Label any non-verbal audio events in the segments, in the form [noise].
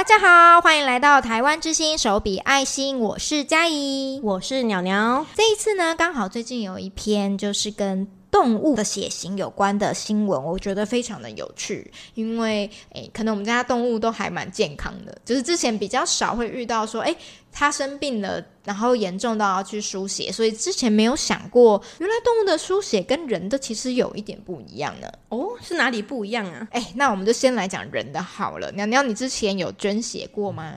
大家好，歡迎來到台灣之星手筆愛心，我是佳怡，我是鳥鳥。這一次呢，剛好最近有一篇，就是跟動物的血型有關的新聞，我覺得非常的有趣，因為誒，可能我們家動物都還蠻健康的，就是之前比較少會遇到說，誒，它生病了，然後嚴重到要去輸血，所以之前沒有想過，原來動物的輸血跟人的其實有一點不一樣呢。哦，是哪裡不一樣啊？誒，那我們就先來講人的好了。娘娘，你之前有捐血過嗎？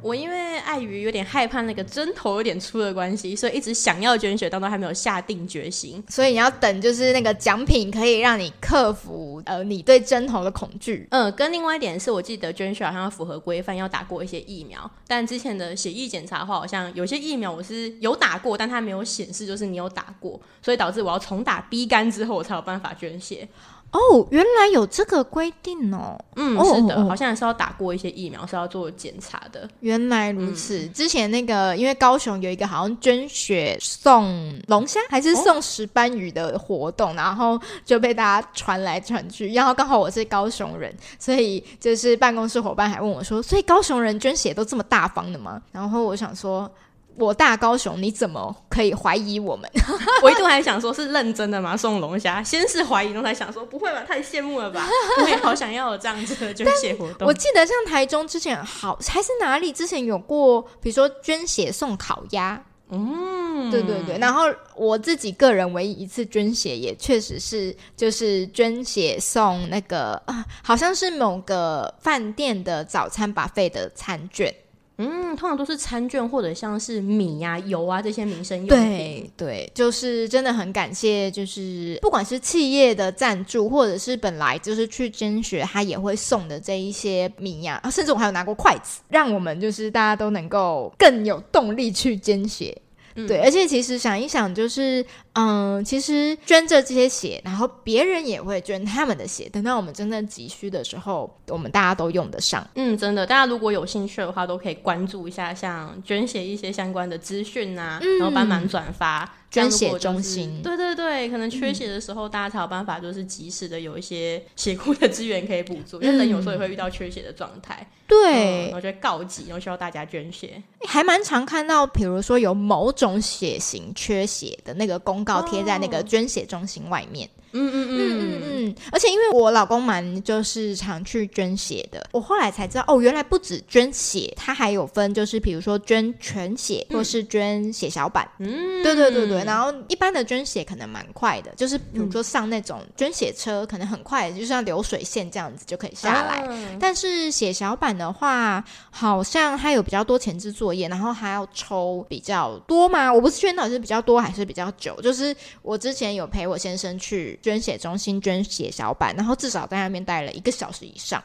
我因為礙於有點害怕那個針頭有點粗的關係，所以一直想要捐血，但都還沒有下定決心。所以你要等，就是那個獎品可以讓你克服呃你對針頭的恐懼。嗯，跟另外一點是，我記得捐血好像要符合規範，要打過一些疫苗。但之前的血液檢查的話，好像有些疫苗我是有打過，但它沒有顯示就是你有打過，所以導致我要重打 B 肝之後，我才有辦法捐血。哦，oh, 原來有這個規定哦。嗯，oh, 是的，好像也是要打過一些疫苗，是要做檢查的。原來如此。嗯、之前那個，因為高雄有一個好像捐血送龍蝦還是送石斑魚的活動，哦、然後就被大家傳來傳去。然後剛好我是高雄人，所以就是辦公室夥伴還問我說：“所以高雄人捐血都這麼大方的嗎？”然後我想說。我大高雄，你怎麼可以懷疑我們？ [laughs] 我一度還想說是認真的嗎？送龍蝦，先是懷疑，然後才想說不會吧，太羨慕了吧， [laughs] 我也好想要有這樣子的捐血活動。我記得像台中之前好還是哪裡之前有過，比如說捐血送烤鴨。嗯，對對對。然後我自己個人唯一一次捐血，也確實是就是捐血送那個，好像是某個飯店的早餐 buffet 的餐券。嗯，通常都是餐券或者像是米啊、油啊這些民生用品。對對，就是真的很感謝，就是不管是企業的贊助，或者是本來就是去捐血，他也會送的這一些米啊，啊，甚至我還有拿過筷子，讓我們就是大家都能夠更有動力去捐血。對，而且其實想一想，就是嗯，其實捐着這些血，然後別人也會捐他們的血，等到我們真正急需的時候，我們大家都用得上。嗯，真的，大家如果有興趣的話，都可以關注一下，像捐血一些相關的資訊啊，然後幫忙轉發。嗯就是、捐血中心，對對對，可能缺血的時候，嗯、大家才有辦法，就是及時的有一些血庫的資源可以補助。因為人有時候也會遇到缺血的狀態，對，我覺得告急，然後需要大家捐血。還蠻常看到，比如說有某種血型缺血的那個公告貼在那個捐血中心外面。嗯嗯嗯嗯嗯嗯。嗯嗯嗯嗯嗯，而且因為我老公蠻就是常去捐血的，我後來才知道，哦，原來不止捐血，他還有分，就是比如說捐全血，嗯、或是捐血小板。嗯，對對對對。嗯、然後一般的捐血可能蠻快的，就是比如說上那種捐血車，嗯、可能很快，就像流水線這樣子就可以下來。啊、但是血小板的話，好像它有比較多前置作業，然後還要抽比較多嗎？我不知道是比較多還是比較久？就是我之前有陪我先生去捐血中心捐血小板，然後至少在那邊待了一個小時以上。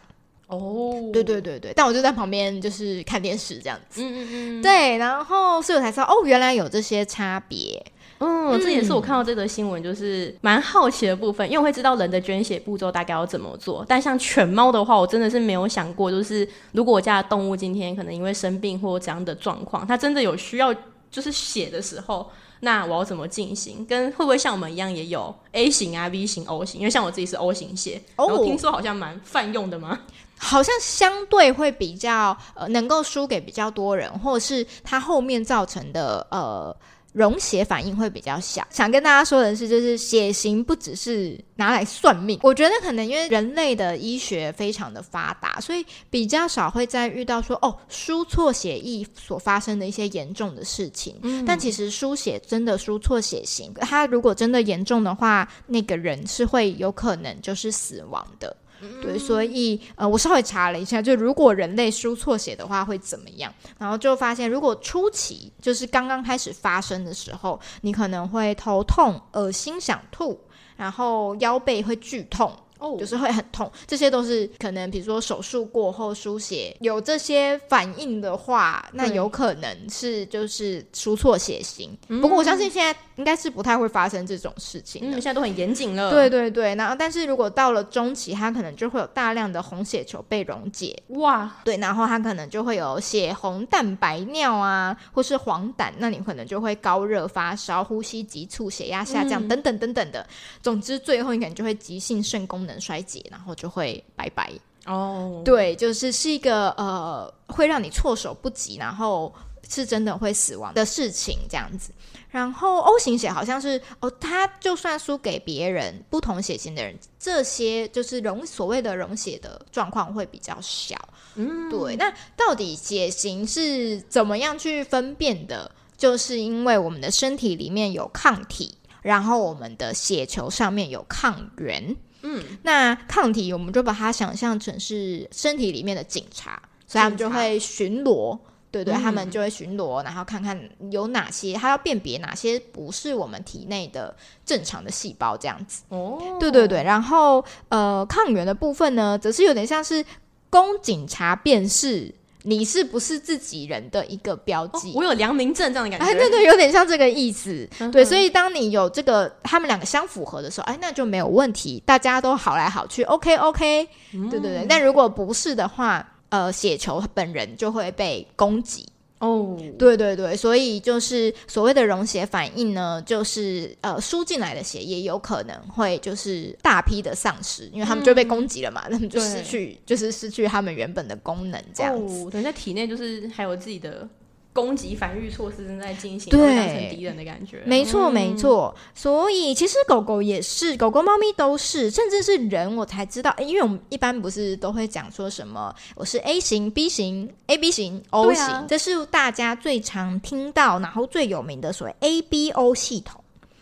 哦，對對對對，但我就在旁邊就是看電視這樣子。嗯嗯嗯，對，然後所以我才知道哦，原來有這些差別。哦、嗯，這也是我看到這個新聞，就是蠻好奇的部分，因為我會知道人的捐血步驟大概要怎麼做。但像犬貓的話，我真的是沒有想過，就是如果我家的動物今天可能因為生病或怎樣的狀況，它真的有需要就是血的時候，那我要怎麼進行？跟會不會像我們一樣也有 A 型啊、B 型、O 型？因為像我自己是 O 型血，我、哦、然後聽說好像蠻泛用的嗎？好像相對會比較呃，能夠輸給比較多人，或者是它後面造成的呃。溶血反應會比較小。想跟大家說的是，就是血型不只是拿來算命。我覺得可能因為人類的醫學非常的發達，所以比較少會再遇到說哦輸錯血液所發生的一些嚴重的事情。嗯哼。但其實輸血真的輸錯血型，它如果真的嚴重的話，那個人是會有可能就是死亡的。對，所以呃，我稍微查了一下，就如果人類輸錯血的話會怎麼樣？然後就發現，如果初期就是剛剛開始發生的時候，你可能會頭痛、噁心想吐，然後腰背會劇痛。Oh. 就是會很痛，這些都是可能，比如說手術過後輸血有這些反應的話，那有可能是就是輸錯血型。對不過我相信現在應該是不太會發生這種事情，因為、嗯、現在都很嚴謹了。對對對，然後但是如果到了中期，它可能就會有大量的紅血球被溶解，哇，對，然後它可能就會有血紅蛋白尿啊，或是黃疸，那你可能就會高熱發燒、呼吸急促、血壓下降、嗯、等等等等的。總之，最後你可能就會急性腎功能。衰竭，然後就會拜拜哦。Oh. 對，就是是一個呃，會讓你措手不及，然後是真的會死亡的事情，這樣子。然後 O 型血好像是哦，他就算輸給別人不同血型的人，這些就是溶所謂的溶血的狀況會比較小。嗯，Mm. 對。那到底血型是怎麼樣去分辨的？就是因為我們的身體裡面有抗體，然後我們的血球上面有抗原。嗯，那抗體我們就把它想象成是身體裡面的警察，所以他們就會巡邏，警察。對對，嗯、他們就會巡邏，然後看看有哪些，他要辨別哪些不是我們體內的正常的細胞這樣子。哦，對對對，然後呃，抗原的部分呢，則是有點像是供警察辨識。你是不是自己人的一個標記？哦、我有良民證這樣的感覺，對、哎、對，有點像這個意思。 [laughs] 對，所以當你有這個，他們兩個相符合的時候，哎，那就沒有問題，大家都好來好去，OK，OK，okay, okay,、嗯、對對對。但如果不是的話，呃，血球本人就會被攻擊。哦，oh, 對對對，所以就是所謂的溶血反應呢，就是呃輸進來的血也有可能會就是大批的喪失，因為他們就被攻擊了嘛，嗯、他們就失去，對就是失去他們原本的功能這樣子。Oh, 等於在體內就是還有自己的，攻擊防禦措施正在進行，當成敵人的感覺。沒錯，沒錯。所以其實狗狗也是，狗狗、貓咪都是，甚至是人。我才知道、欸，因為我們一般不是都會講說什麼我是 A 型、B 型、AB 型、O 型，啊、這是大家最常聽到，然後最有名的所謂 ABO 系統。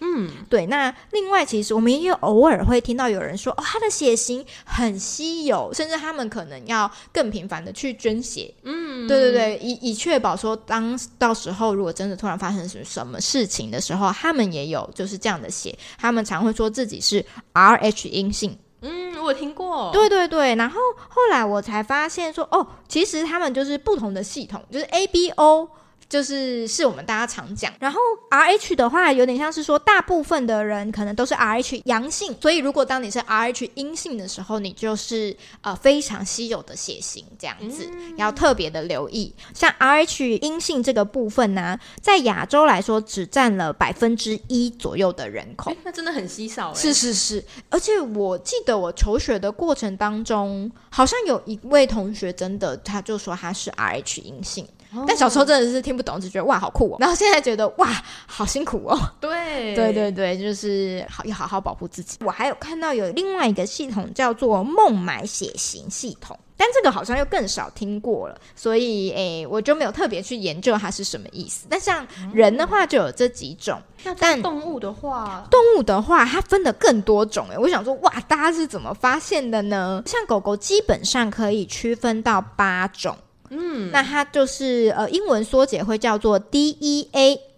嗯，對。那另外，其實我們也偶爾會聽到有人說哦，他的血型很稀有，甚至他們可能要更頻繁的去捐血。嗯。對對對，以以確保說當，當到時候如果真的突然發生什麼什麼事情的時候，他們也有就是這樣的血，他們常會說自己是 R H 陰性。嗯，我聽過。對對對，然後後來我才發現說，哦，其實他們就是不同的系統，就是 A B O。就是是我們大家常講，然後 R H 的話有點像是說，大部分的人可能都是 R H 陽性，所以如果當你是 R H 陰性的時候，你就是呃非常稀有的血型這樣子，要特別的留意。像 R H 陰性這個部分呢、啊，在亞洲來說只占了百分之一左右的人口、欸，那真的很稀少、欸。是是是，而且我記得我求學的過程當中，好像有一位同學真的，他就說他是 R H 陰性。但小時候真的是聽不懂，就覺得哇好酷哦。然後現在覺得哇好辛苦哦。對對對對，就是好要好好保護自己。我還有看到有另外一個系統叫做孟買血型系統，但這個好像又更少聽過了，所以誒、欸、我就沒有特別去研究它是什麼意思。那像人的話就有這幾種，嗯、但那動物的話，動物的話它分的更多種誒。我想說哇，大家是怎麼發現的呢？像狗狗基本上可以區分到八種。嗯，那它就是呃，英文縮寫會叫做 DEA 一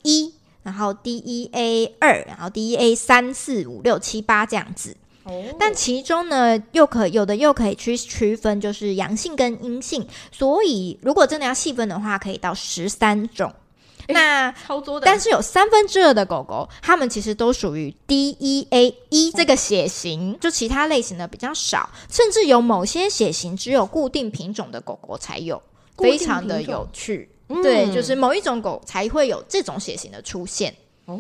，e A、1, 然後 DEA 二，e A、2, 然後 DEA 三四五六七八這樣子。哦，但其中呢，又可有的又可以去區分，就是陽性跟陰性。所以如果真的要細分的話，可以到十三種。欸、那超多的，但是有三分之二的狗狗，它們其實都屬於 DEA 一、嗯、這個血型，就其他類型的比較少，甚至有某些血型只有固定品種的狗狗才有。非常的有趣，嗯、對，就是某一種狗才會有這種血型的出現哦，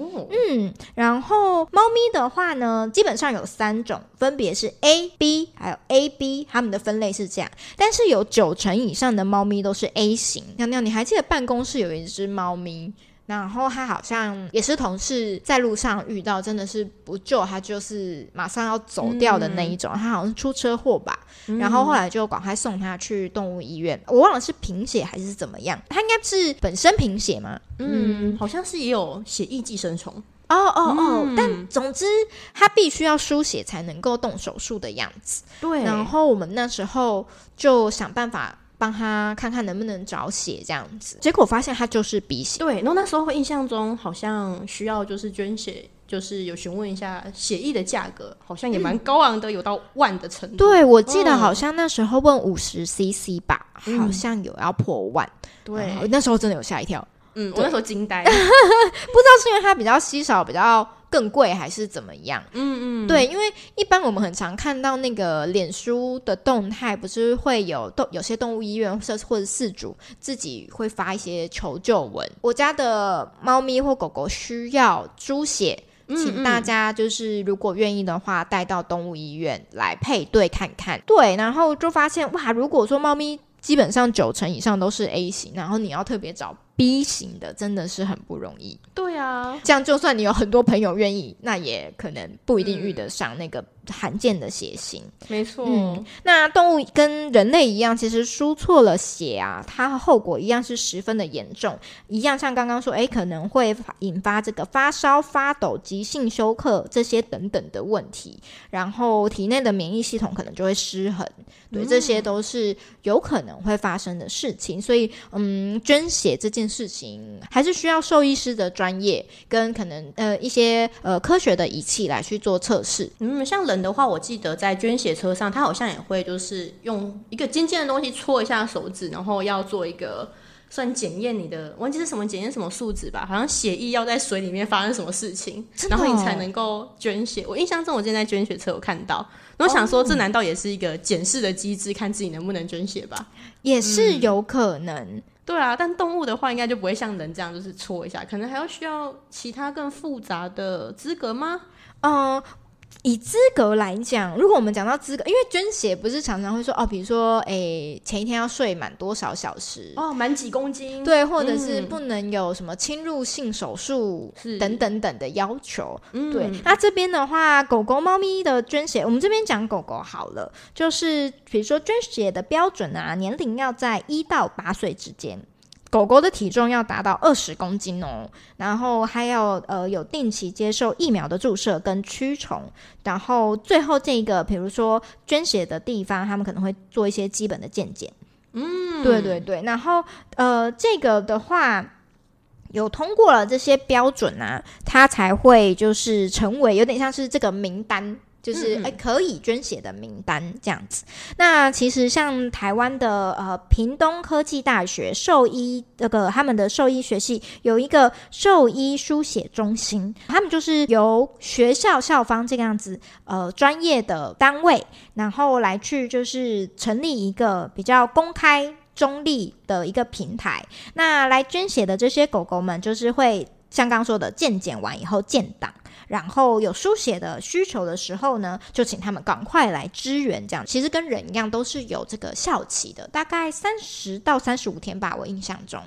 嗯，然後貓咪的話呢，基本上有三種，分別是 A、B 還有 AB，它們的分類是這樣，但是有九成以上的貓咪都是 A 型。娘娘，你還記得辦公室有一隻貓咪？然後他好像也是同事在路上遇到，真的是不救，他就是馬上要走掉的那一種。嗯、他好像是出車禍吧，嗯、然後後來就趕快送他去動物醫院。我忘了是貧血還是怎麼樣，他應該是本身貧血嗎？嗯，嗯，好像是也有血液寄生蟲。哦哦哦！但總之他必須要輸血才能夠動手術的樣子。對，然後我們那時候就想辦法。幫他看看能不能找血這樣子，結果發現他就是鼻血。對，然後那時候印象中好像需要就是捐血，就是有詢問一下血液的價格，好像也蠻高昂的，有到萬的程度。嗯、對我記得好像那時候問五十 CC 吧，嗯、好像有要破萬對。對、嗯，那時候真的有嚇一跳。嗯，我那時候驚呆，對 [laughs] 不知道是因為它比較稀少，比較更貴還是怎麼樣？嗯嗯，對，因為一般我們很常看到那個臉書的動態，不是會有動有些動物醫院或者飼主自己會發一些求救文，我家的貓咪或狗狗需要輸血，請大家就是如果願意的話，帶到動物醫院來配對看看。嗯嗯對，然後就發現哇，如果說貓咪基本上九成以上都是 A 型，然後你要特別找。B 型的真的是很不容易。對啊，這樣就算你有很多朋友願意，那也可能不一定遇得上那個。罕見的血型，沒錯。嗯，那動物跟人類一樣，其實輸錯了血啊，它後果一樣是十分的嚴重，一樣像剛剛說，誒，可能會引發這個發燒、發抖、急性休克這些等等的問題，然後體內的免疫系統可能就會失衡，對，嗯、這些都是有可能會發生的事情。所以，嗯，捐血這件事情還是需要獸醫師的專業跟可能呃一些呃科學的儀器來去做測試。嗯，像人。人的話，我記得在捐血車上，他好像也會就是用一個尖尖的東西戳一下手指，然後要做一個算檢驗你的，我忘記是什麼檢驗什麼數值吧，好像血液要在水裡面發生什麼事情，哦、然後你才能夠捐血。我印象中，我今天在捐血車有看到，我想說，這難道也是一個檢視的機制，看自己能不能捐血吧？也是有可能、嗯，對啊。但動物的話，應該就不會像人這樣，就是戳一下，可能還要需要其他更複雜的資格嗎？嗯、呃。以資格來講，如果我們講到資格，因為捐血不是常常會說哦，比如說誒、欸，前一天要睡滿多少小時哦，滿幾公斤對，或者是不能有什麼侵入性手術、嗯、等等等的要求。是對，嗯、那這邊的話，狗狗、貓咪的捐血，我們這邊講狗狗好了，就是比如說捐血的標準啊，年齡要在一到八歲之間。狗狗的體重要達到二十公斤哦，然後還要呃有定期接受疫苗的注射跟驅蟲，然後最後這個比如說捐血的地方，他們可能會做一些基本的健檢。嗯，對對對，然後呃這個的話有通過了這些標準啊，它才會就是成為有點像是這個名單。就是哎，可以捐血的名單、嗯、這樣子。那其實像台灣的呃，屏東科技大學獸醫那、這個他們的獸醫學系有一個獸醫輸血中心，他們就是由學校校方這樣子呃專業的單位，然後來去就是成立一個比較公開中立的一個平台。那來捐血的這些狗狗們，就是會像剛說的，健檢完以後建檔。然後有輸血的需求的時候呢，就請他們趕快來支援。這樣其實跟人一樣，都是有這個效期的，大概三十到三十五天吧，我印象中。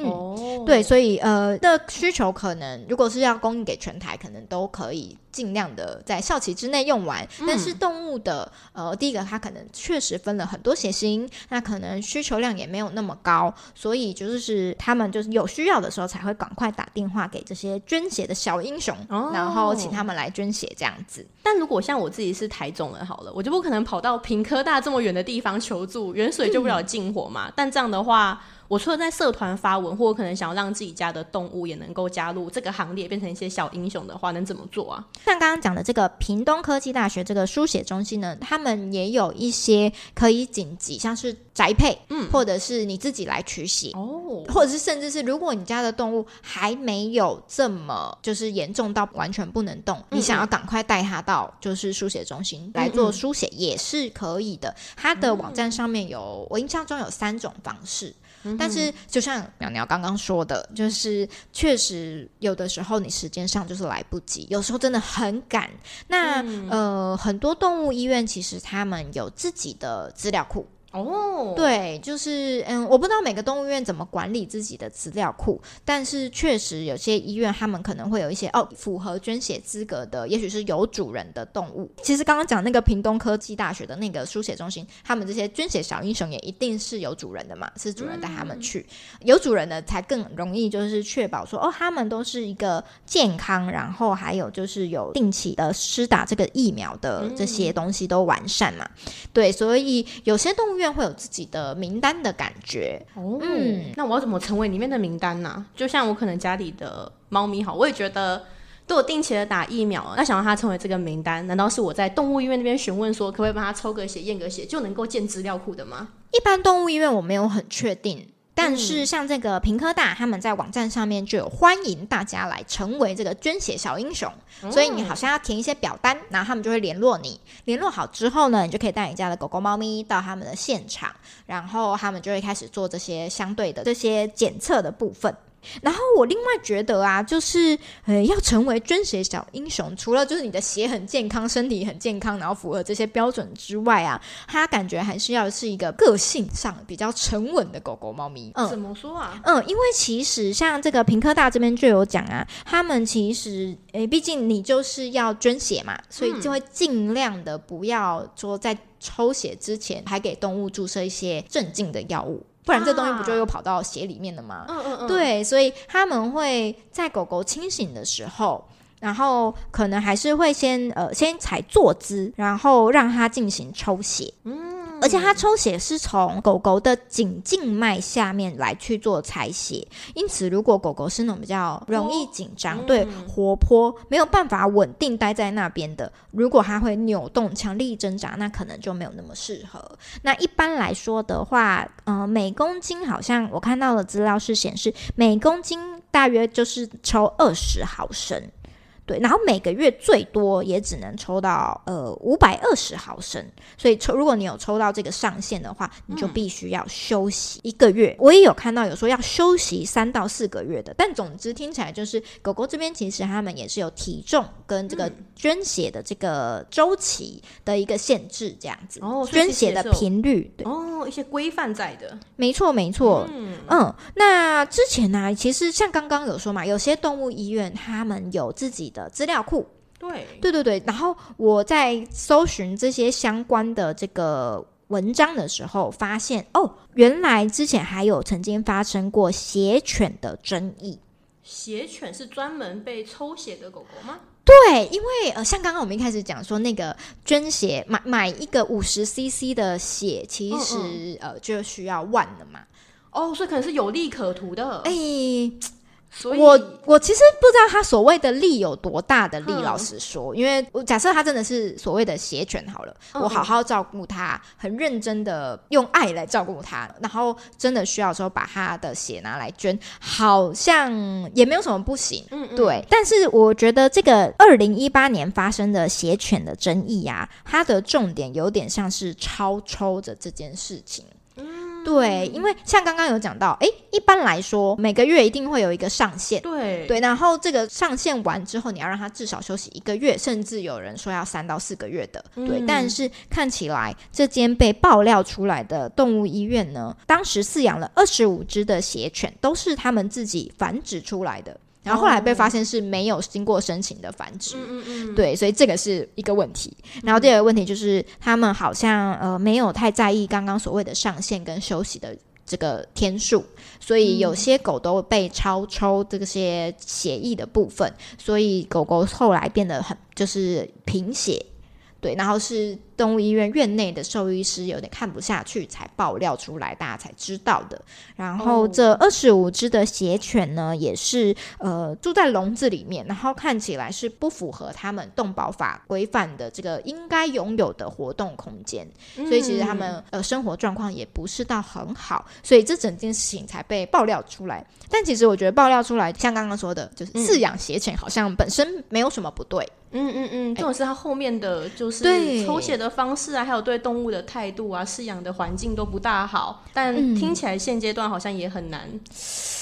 嗯，oh. 對，所以呃，的需求可能如果是要供應給全台，可能都可以盡量的在效期之內用完。嗯、但是動物的呃，第一個它可能確實分了很多血型，那可能需求量也沒有那麼高，所以就是，是他們就是有需要的時候才會趕快打電話給這些捐血的小英雄，oh. 然後請他們來捐血這樣子。但如果像我自己是台中人好了，我就不可能跑到屏科大這麼遠的地方求助，遠水救不了近火嘛。嗯、但這樣的話。我除了在社團發文，或可能想要讓自己家的動物也能夠加入這個行列，變成一些小英雄的話，能怎麼做啊？像剛剛講的這個屏東科技大學這個輸血中心呢，他們也有一些可以緊急，像是。宅配，嗯，或者是你自己來取血，哦，或者是甚至是如果你家的動物還沒有這麼就是嚴重到完全不能動，嗯嗯，你想要趕快帶它到就是輸血中心嗯嗯來做輸血也是可以的。它的網站上面有，嗯嗯我印象中有三種方式，嗯嗯但是就像淼淼剛剛說的，嗯、就是確實有的時候你時間上就是來不及，有時候真的很趕。那、嗯、呃，很多動物醫院其實他們有自己的資料庫。哦，oh, 對，就是嗯，我不知道每個動物醫院怎麼管理自己的資料庫，但是確實有些醫院他們可能會有一些哦符合捐血資格的，也許是有主人的動物。其實剛剛講那個屏東科技大學的那個輸血中心，他們這些捐血小英雄也一定是有主人的嘛，是主人帶他們去，有主人的才更容易就是確保說哦，他們都是一個健康，然後還有就是有定期的施打這個疫苗的這些東西都完善嘛。對，所以有些動物。醫院會有自己的名單的感覺哦、oh. 嗯。那我要怎麼成為裡面的名單呢、啊？就像我可能家裡的貓咪好，我也覺得都有定期的打疫苗，那想要它成為這個名單，難道是我在動物醫院那邊詢問說，可不可以幫它抽個血驗個血，就能夠建資料庫的嗎？一般動物醫院我沒有很確定。嗯但是像這個屏科大，他們在網站上面就有歡迎大家來成為這個捐血小英雄，嗯、所以你好像要填一些表單，然後他們就會聯絡你，聯絡好之後呢，你就可以帶你家的狗狗、貓咪到他們的現場，然後他們就會開始做這些相對的這些檢測的部分。然後我另外覺得啊，就是呃，要成為捐血小英雄，除了就是你的血很健康，身體很健康，然後符合這些標準之外啊，他感覺還是要是一個個性上比較沉穩的狗狗、貓咪。嗯，怎麼說啊？嗯，因為其實像這個屏科大這邊就有講啊，他們其實誒，畢竟你就是要捐血嘛，所以就會盡量的不要說在抽血之前還給動物注射一些鎮靜的藥物。不然這東西不就又跑到血裡面了嗎？啊，嗯嗯嗯、對，所以他們會在狗狗清醒的時候，然後可能還是會先呃，先採坐姿，然後讓它進行抽血。嗯而且它抽血是從狗狗的頸靜脈下面來去做採血，因此如果狗狗是那種比較容易緊張、哦嗯、對活潑沒有辦法穩定待在那邊的，如果它會扭動、強力掙扎，那可能就沒有那麼適合。那一般來說的話，呃，每公斤好像我看到的資料是顯示每公斤大約就是抽二十毫升。對，然後每個月最多也只能抽到呃五百二十毫升，所以抽如果你有抽到這個上限的話，你就必須要休息一個月。我也有看到有說要休息三到四個月的，但總之聽起來就是狗狗這邊其實它們也是有體重跟這個。捐血的這個週期的一個限制，這樣子哦，捐血，血捐血的頻率哦對哦，一些規範在的，沒錯沒錯，沒錯嗯嗯，那之前呢、啊，其實像剛剛有說嘛，有些動物醫院他們有自己的資料庫，對對對對，然後我在搜尋這些相關的這個文章的時候，發現哦，原來之前還有曾經發生過血犬的爭議，血犬是專門被抽血的狗狗嗎？對，因為呃，像剛剛我們一開始講說那個捐血，買買一個五十 CC 的血，其實、嗯嗯、呃就需要萬的嘛，哦，所以可能是有利可圖的，哎。所以我我其實不知道他所謂的力有多大的力，呵老實說，因為假設他真的是所謂的血犬好了，嗯、我好好照顧他，很認真的用愛來照顧他，然後真的需要的時候把他的血拿來捐，好像也沒有什麼不行，嗯，嗯對。但是我覺得這個二零一八年發生的血犬的爭議啊，它的重點有點像是超抽的這件事情。對，因為像剛剛有講到，誒，一般來說每個月一定會有一個上限，對對，然後這個上限完之後，你要讓它至少休息一個月，甚至有人說要三到四個月的，對。嗯。但是看起來這間被爆料出來的動物醫院呢，當時飼養了二十五隻的血犬，都是他們自己繁殖出來的。然後後來被發現是沒有經過申請的繁殖，嗯嗯嗯、對，所以這個是一個問題。然後第二個問題就是，他、嗯、們好像呃沒有太在意剛剛所謂的上限跟休息的這個天數，所以有些狗都被超抽這些協議的部分，所以狗狗後來變得很就是貧血，對，然後是，動物醫院院內的獸醫師有點看不下去，才爆料出來，大家才知道的。然後這二十五隻的血犬呢，也是呃住在籠子裡面，然後看起來是不符合他們動保法規範的這個應該擁有的活動空間，嗯、所以其實他們呃生活狀況也不是到很好，所以這整件事情才被爆料出來。但其實我覺得爆料出來，像剛剛說的，就是飼養血犬好像本身沒有什麼不對。嗯嗯嗯，重點是他後面的就是抽血的。方式啊，還有對動物的態度啊，飼養的環境都不大好。但聽起來現階段好像也很難，嗯、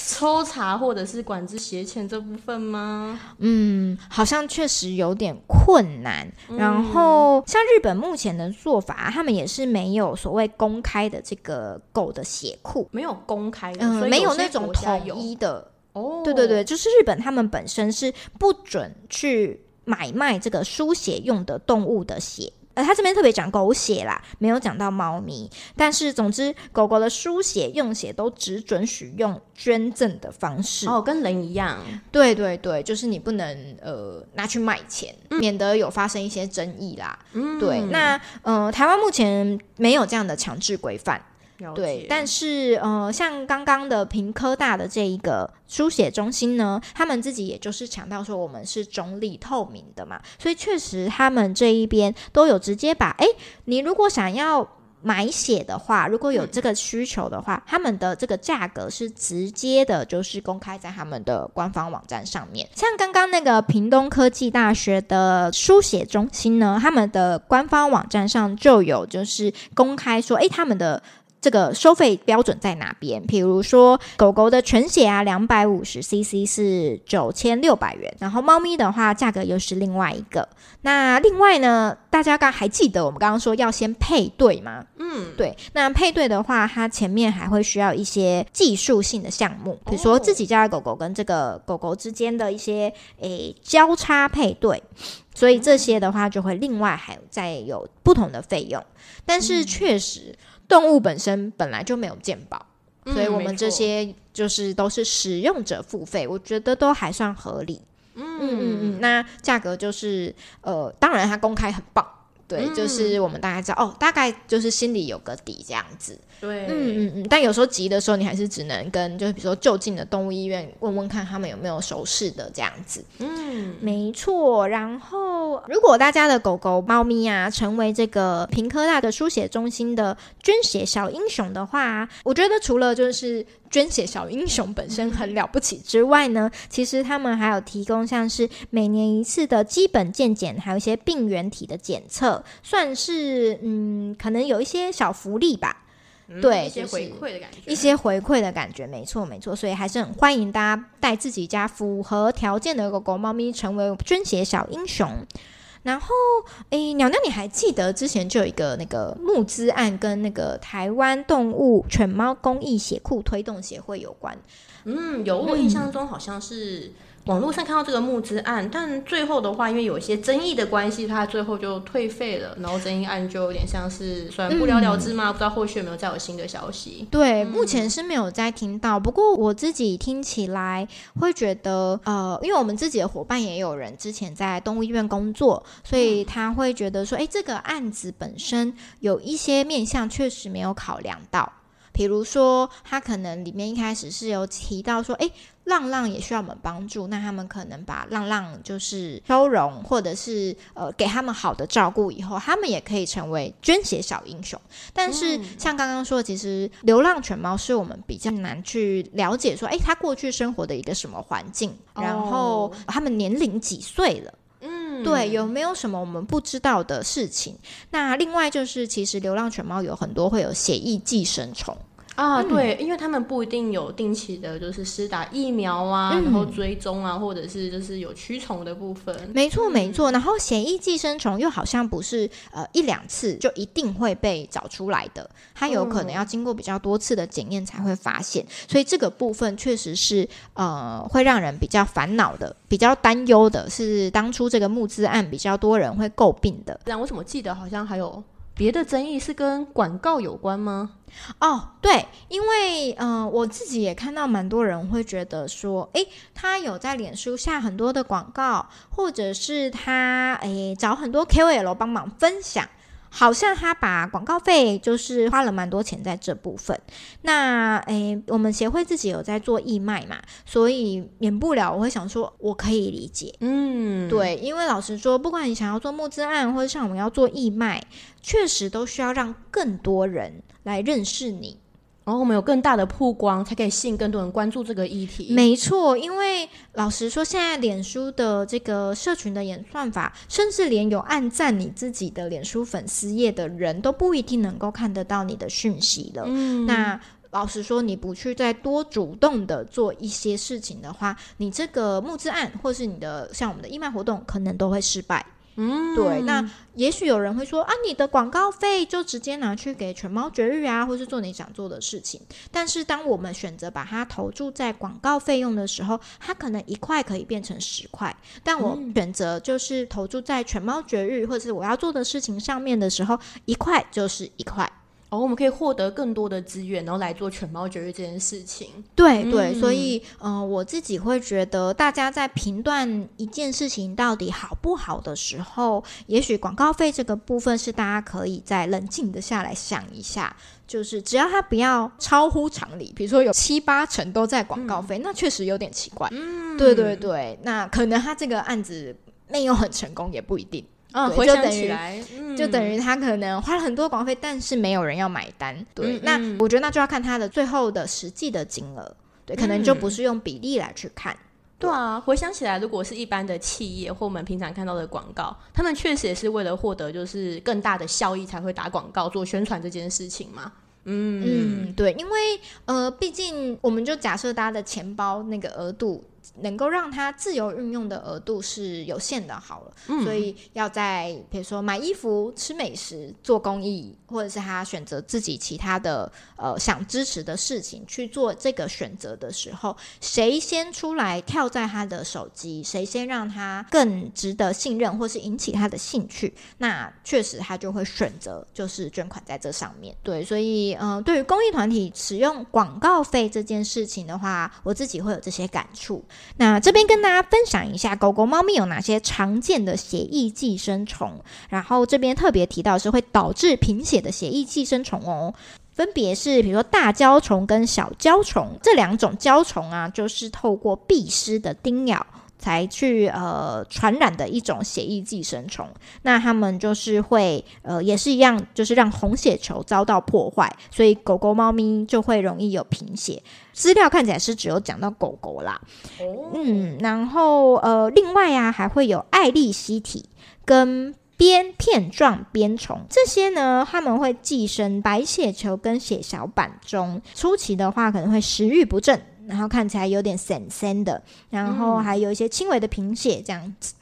抽查，或者是管制血錢這部分嗎？嗯，好像確實有點困難。然後，嗯、像日本目前的做法，他們也是沒有所謂公開的這個狗的血庫，沒有公開的，嗯、有有沒有那種統一的。哦，對對對，就是日本他們本身是不准去買賣這個輸血用的動物的血。呃，他這邊特別講狗血啦，沒有講到貓咪。但是總之，狗狗的輸血用血都只准許用捐贈的方式哦，跟人一樣。對對對，就是你不能呃拿去賣錢，嗯、免得有發生一些爭議啦。嗯，對。那呃，台灣目前沒有這樣的強制規範。對，但是呃，像剛剛的屏科大的這一個輸血中心呢，他們自己也就是強調說，我們是中立透明的嘛，所以確實他們這一邊都有直接把，誒，你如果想要買血的話，如果有這個需求的話，對他們的這個價格是直接的，就是公開在他們的官方網站上面。像剛剛那個屏東科技大學的輸血中心呢，他們的官方網站上就有就是公開說，誒，他們的。這個收費標準在哪邊？比如說，狗狗的全血啊，兩百五十 CC 是九千六百元。然後貓咪的話，價格又是另外一個。那另外呢，大家剛還記得我們剛剛說要先配對嗎？嗯，對。那配對的話，它前面還會需要一些技術性的項目，比如說自己家的狗狗跟這個狗狗之間的一些誒、欸、交叉配對，所以這些的話就會另外還有再有不同的費用。但是確實。嗯動物本身本來就沒有健保，嗯、所以我們這些就是都是使用者付費，嗯、我覺得都還算合理。嗯嗯嗯，那價格就是呃，當然它公開很棒。對，就是我們大概知道、嗯、哦，大概就是心裡有個底這樣子。對，嗯嗯嗯。但有時候急的時候，你還是只能跟，就是比如說就近的動物醫院問問看，他們有沒有熟識的這樣子。嗯，沒錯。然後，如果大家的狗狗、貓咪啊，成為這個平科大的輸血中心的捐血小英雄的話，我覺得除了就是。捐血小英雄本身很了不起之外呢，其實他們還有提供像是每年一次的基本健檢，還有一些病原體的檢測，算是嗯，可能有一些小福利吧。嗯、對，一些回饋的感覺，一些回饋的感覺，沒錯沒錯，所以還是很歡迎大家帶自己家符合條件的狗狗貓咪成為捐血小英雄。然後，哎、欸，娘娘，你還記得之前就有一個那個募資案，跟那個台灣動物犬貓公益血庫推動協會有關？嗯，有，我印象中好像是。嗯網絡上看到這個募資案，但最後的話，因為有一些爭議的關係，他最後就退費了，然後爭議案就有點像是算不了了之嘛，嗯、不知道後續有沒有再有新的消息。對，嗯、目前是沒有再聽到。不過我自己聽起來會覺得，呃，因為我們自己的夥伴也有人之前在動物醫院工作，所以他會覺得說，哎、欸，這個案子本身有一些面向確實沒有考量到。比如說，他可能裡面一開始是有提到說，哎、欸，浪浪也需要我們幫助。那他們可能把浪浪就是收容，或者是呃給他們好的照顧以後，他們也可以成為捐血小英雄。但是、嗯、像剛剛說，其實流浪犬貓是我們比較難去了解說，哎、欸，它過去生活的一個什麼環境，然後、哦、他們年齡幾歲了？嗯，對，有沒有什麼我們不知道的事情？那另外就是，其實流浪犬貓有很多會有血液寄生蟲。啊，對，嗯、因為他們不一定有定期的，就是施打疫苗啊，嗯、然後追蹤啊，或者是就是有驅蟲的部分。沒錯，沒錯。然後，血液寄生蟲又好像不是呃一兩次就一定會被找出來的，它有可能要經過比較多次的檢驗才會發現。嗯、所以這個部分確實是呃會讓人比較煩惱的，比較擔憂的是當初這個募資案比較多人會詬病的。那我怎麼記得好像還有？別的爭議是跟廣告有關嗎？哦，對，因為嗯、呃，我自己也看到蠻多人會覺得說，誒，他有在臉書下很多的廣告，或者是他誒，找很多 KOL 幫忙分享。好像他把廣告費就是花了蠻多錢在這部分，那誒、欸，我們協會自己有在做義賣嘛，所以免不了我會想說，我可以理解，嗯，對，因為老實說，不管你想要做募資案或者像我們要做義賣，確實都需要讓更多人來認識你。然後我們有更大的曝光，才可以吸引更多人關注這個議題。沒錯，因為老實說，現在臉書的這個社群的演算法，甚至連有按讚你自己的臉書粉絲頁的人都不一定能夠看得到你的訊息了。嗯。那老實說，你不去再多主動的做一些事情的話，你這個募資案或是你的像我們的義賣活動，可能都會失敗。嗯， [noise] 對，那也許有人會說啊，你的廣告費就直接拿去給犬貓絕育啊，或是做你想做的事情。但是，當我們選擇把它投注在廣告費用的時候，它可能一塊可以變成十塊，但我選擇就是投注在犬貓絕育或是我要做的事情上面的時候，一塊就是一塊。哦，我們可以獲得更多的資源，然後來做“犬貓絕育”這件事情。對對，對嗯、所以，嗯、呃，我自己會覺得，大家在評斷一件事情到底好不好的時候，也許廣告費這個部分是大家可以再冷靜的下來想一下。就是只要它不要超乎常理，比如說有七八成都在廣告費，嗯、那確實有點奇怪。嗯，對對對，那可能他這個案子沒有很成功，也不一定。嗯，對回想起來，就等於，嗯、就等於他可能花了很多廣告費，但是沒有人要買單。對，嗯嗯、那我覺得那就要看他的最後的實際的金額。嗯、對，可能就不是用比例來去看。嗯、對，對啊，回想起來，如果是一般的企業或我們平常看到的廣告，他們確實也是為了獲得就是更大的效益才會打廣告做宣傳這件事情嘛。嗯嗯，對，因為呃，畢竟我們就假設大家的錢包那個額度。能夠讓他自由運用的額度是有限的，好了，嗯、所以要在比如說買衣服、吃美食、做公益，或者是他選擇自己其他的呃想支持的事情去做這個選擇的時候，誰先出來跳在他的手機，誰先讓他更值得信任，或是引起他的興趣，那確實他就會選擇就是捐款在這上面。對，所以嗯、呃，對於公益團體使用廣告費這件事情的話，我自己會有這些感觸。那這邊跟大家分享一下，狗狗、貓咪有哪些常見的血液寄生蟲？然後這邊特別提到是會導致貧血的血液寄生蟲哦，分別是比如說大焦蟲跟小焦蟲這兩種焦蟲啊，就是透過壁虱的叮咬。才去呃傳染的一種血液寄生蟲，那他們就是會呃也是一樣，就是讓紅血球遭到破壞，所以狗狗貓咪就會容易有貧血。資料看起來是只有講到狗狗啦，哦、嗯，然後呃另外啊還會有艾利希體跟鞭片狀鞭蟲，這些呢，他們會寄生白血球跟血小板中，初期的話可能會食慾不振。然後看起來有點深深的，然後還有一些輕微的貧血這樣子。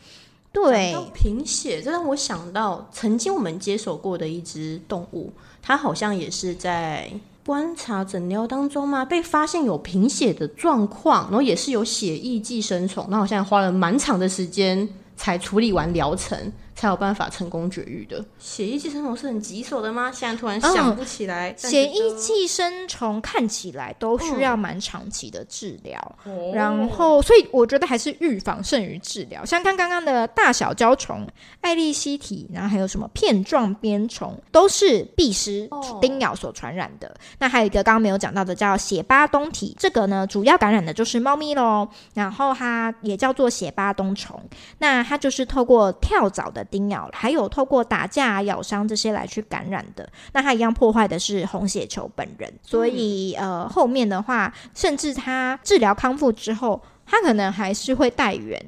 對，貧血這讓我想到曾經我們接手過的一只動物，它好像也是在觀察診療當中嘛，被發現有貧血的狀況，然後也是有血液寄生蟲，那好像花了蠻長的時間才處理完療程。才有辦法成功絕育的。血液寄生蟲是很棘手的嗎？現在突然想不起來。哦、血液寄生蟲看起來都需要蠻長期的治療，嗯、然後所以我覺得還是預防勝於治療。哦、像剛剛的大小焦蟲、艾利希體，然後還有什麼片狀邊蟲，都是壁蝨叮咬所傳染的。那還有一個剛剛沒有講到的，叫血巴東體，這個呢主要感染的就是貓咪嘍。然後它也叫做血巴東蟲，那它就是透過跳蚤的。叮咬，還有透過打架、咬傷這些來去感染的，那他一樣破壞的是紅血球本人。所以，嗯、呃，後面的話，甚至他治療康復之後，他可能還是會帶原。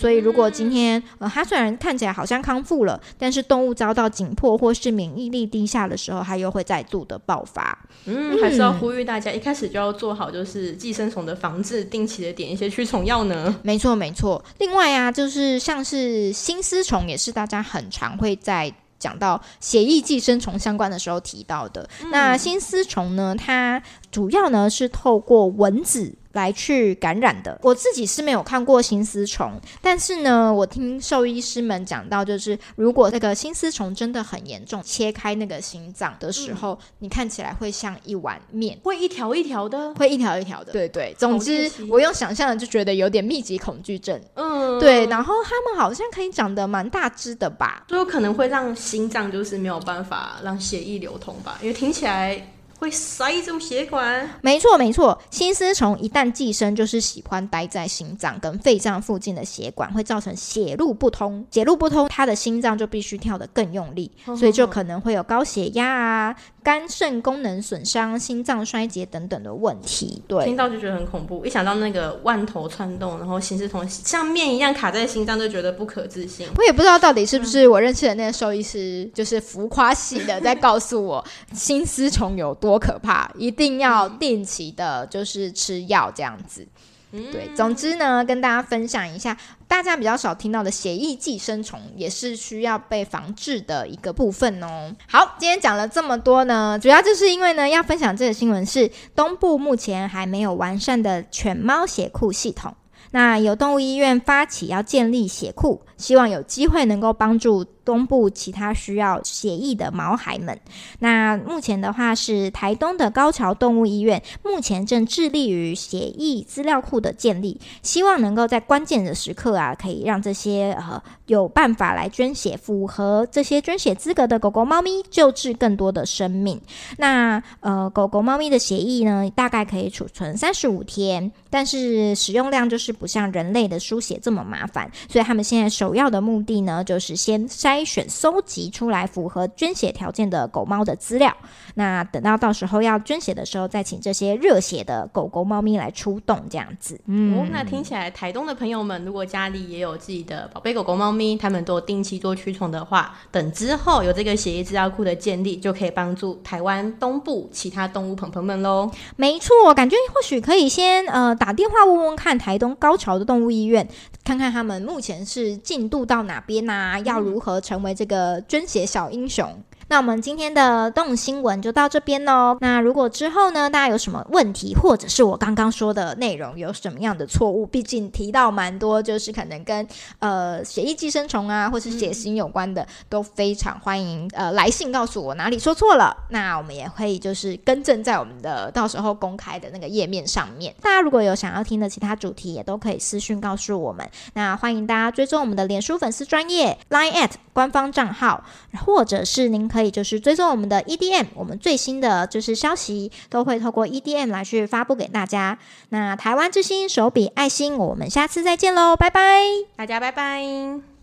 所以，如果今天、嗯、呃，它雖然看起來好像康復了，但是動物遭到緊迫或是免疫力低下的時候，它又會再度的爆發。嗯，還是要呼籲大家、嗯、一開始就要做好，就是寄生蟲的防治，定期的點一些驅蟲藥呢。沒錯，沒錯。另外啊，就是像是心絲蟲，也是大家很常會在講到血液寄生蟲相關的時候提到的。嗯、那心絲蟲呢，它。主要呢是透過蚊子來去感染的。我自己是沒有看過心絲蟲，但是呢，我聽獸醫師們講到，就是如果那個心絲蟲真的很嚴重，切開那個心臟的時候，嗯、你看起來會像一碗麵，會一條一條的，會一條一條的。對，對對，總之我用想象的就覺得有點密集恐懼症。嗯，對。然後他們好像可以長得蠻大只的吧？就可能會讓心臟就是沒有辦法讓血液流通吧，因為聽起來。會塞住血管，沒錯沒錯，心絲蟲一旦寄生，就是喜歡待在心臟跟肺臟附近的血管，會造成血路不通。血路不通，它的心臟就必須跳得更用力，哦哦哦，所以就可能會有高血壓啊、肝腎功能損傷、心臟衰竭等等的問題。對，聽到就覺得很恐怖，一想到那個萬頭竄動，然後心絲蟲像麵一樣卡在心臟，就覺得不可置信。我也不知道到底是不是我認識的那個獸醫師，就是浮誇系的，在告訴我 [laughs] 心絲蟲有多。多可怕！一定要定期的，就是吃藥這樣子。對，總之呢，跟大家分享一下，大家比較少聽到的血液寄生蟲也是需要被防治的一個部分哦。好，今天講了這麼多呢，主要就是因為呢，要分享這個新聞是東部目前還沒有完善的犬貓血庫系統，那有動物醫院發起要建立血庫，希望有機會能夠幫助。東部其他需要血液的毛孩們，那目前的話是台東的高橋動物醫院，目前正致力於血液資料庫的建立，希望能夠在關鍵的時刻啊，可以讓這些呃有辦法來捐血、符合這些捐血資格的狗狗、貓咪救治更多的生命。那呃，狗狗、貓咪的血液呢，大概可以儲存三十五天，但是使用量就是不像人類的輸血這麼麻煩，所以他們現在首要的目的呢，就是先篩。篩選收集出來符合捐血條件的狗貓的資料，那等到到時候要捐血的時候，再請這些熱血的狗狗貓咪來出動，這樣子。嗯、哦，那聽起來台東的朋友們，如果家裡也有自己的寶貝狗狗貓咪，他們都定期做驅蟲的話，等之後有這個血液資料庫的建立，就可以幫助台灣東部其他動物朋朋們嘍。沒錯，我感覺或許可以先呃打電話問問看台東高潮的動物醫院，看看他們目前是進度到哪邊吶、啊，嗯、要如何。成為這個捐血小英雄。那我們今天的動心聞就到這邊嘍、哦。那如果之後呢，大家有什麼問題，或者是我剛剛說的內容有什麼樣的錯誤，畢竟提到蠻多，就是可能跟呃血液寄生蟲啊，或是血型有關的，嗯、都非常歡迎呃來信告訴我哪裡說錯了。那我們也會就是更正在我們的到時候公開的那個頁面上面。大家如果有想要聽的其他主題，也都可以私訊告訴我們。那歡迎大家追蹤我們的臉書粉絲專業、LINE@ 官方賬號，或者是您可以。可以就是追蹤我們的 EDM，我們最新的就是消息，都會透過 EDM 來去發佈給大家。那台灣之心手比愛心，我們下次再見嘍，拜拜，大家拜拜。